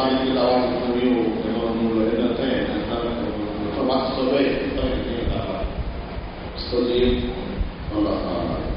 anche la volta che io che non nulla era te, ho trovato bene, perché la sto lì, non la fa mai.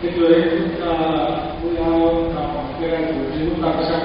cái người chúng ta vui ao nào cái này của chúng ta có sao?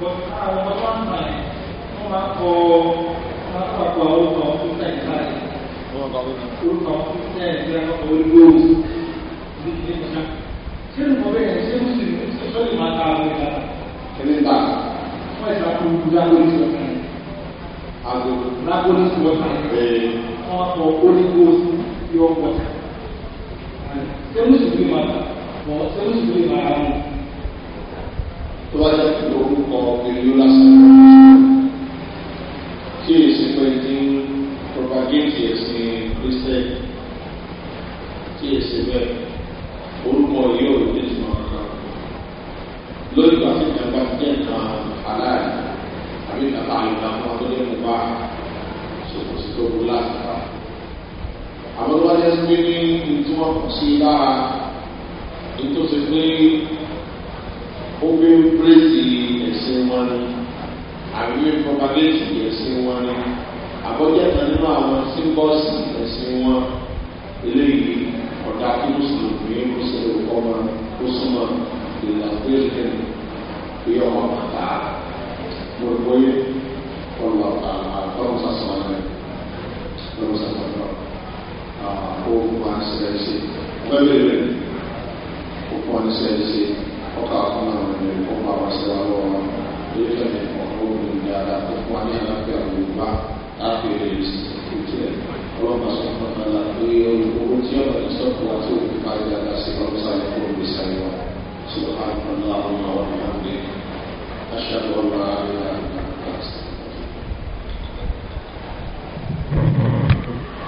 Vâng, ta có con này, con lá cô ọ̀gá wọn. orúkọ ẹ̀ ẹ̀ ẹ̀ olúwo ṣé olùkọ́ bẹ́ẹ̀ ṣé ó sì sọ lè máa ta àwọn ìlà. ẹni ta. wọ́n ìta kú lágbóni sí ọ̀sán. àgbo lágbóni sí ọ̀sán. bẹ́ẹ̀. wọ́n kọ olúwo sí ọkọ̀. ṣé ó sì lè máa ta ọ̀ ṣé ó sì lè máa kristian tí èsì bẹ́ẹ̀ orúkọ yóò ní ìtumọ̀ kan lórí ìgbà tí ìjọba ti jẹ́ nǹkan aláàrí àbí ìjọba àyùká fún akọ́lé mú bá ṣòkòsí tó burú láti bá. àwọn tó bá jẹ́ yẹn tí ń bọ́ sí ẹ̀sìn wọn eléyìí ọ̀dà kí mùsùlùmí mùsùlùmí ọmọ ó súnmọ́ ìlànà tó yẹ kí ọmọ bàtà gbogbo yẹ ọlọ àtọ́rọ̀ sásán rẹ̀ lọ́wọ́ sásán rẹ̀ òkú àṣẹ ṣe pẹ́lẹ́ rẹ̀ òkú àṣẹ ṣe ọkà fún àwọn ènìyàn ọkọ̀ àwọn àṣẹ wà lọ́wọ́ ilé ìfẹ́ ọ̀pọ̀ òkú ìdára òkú àṣẹ àlàáfíà òkú bá láti rẹ̀ sí tiẹ̀ ọlọ́pàá sọ fún ọ̀la lórí owó tí ọ̀la ní sọ́kù wa tó fi parí dada sí ọlọ́sà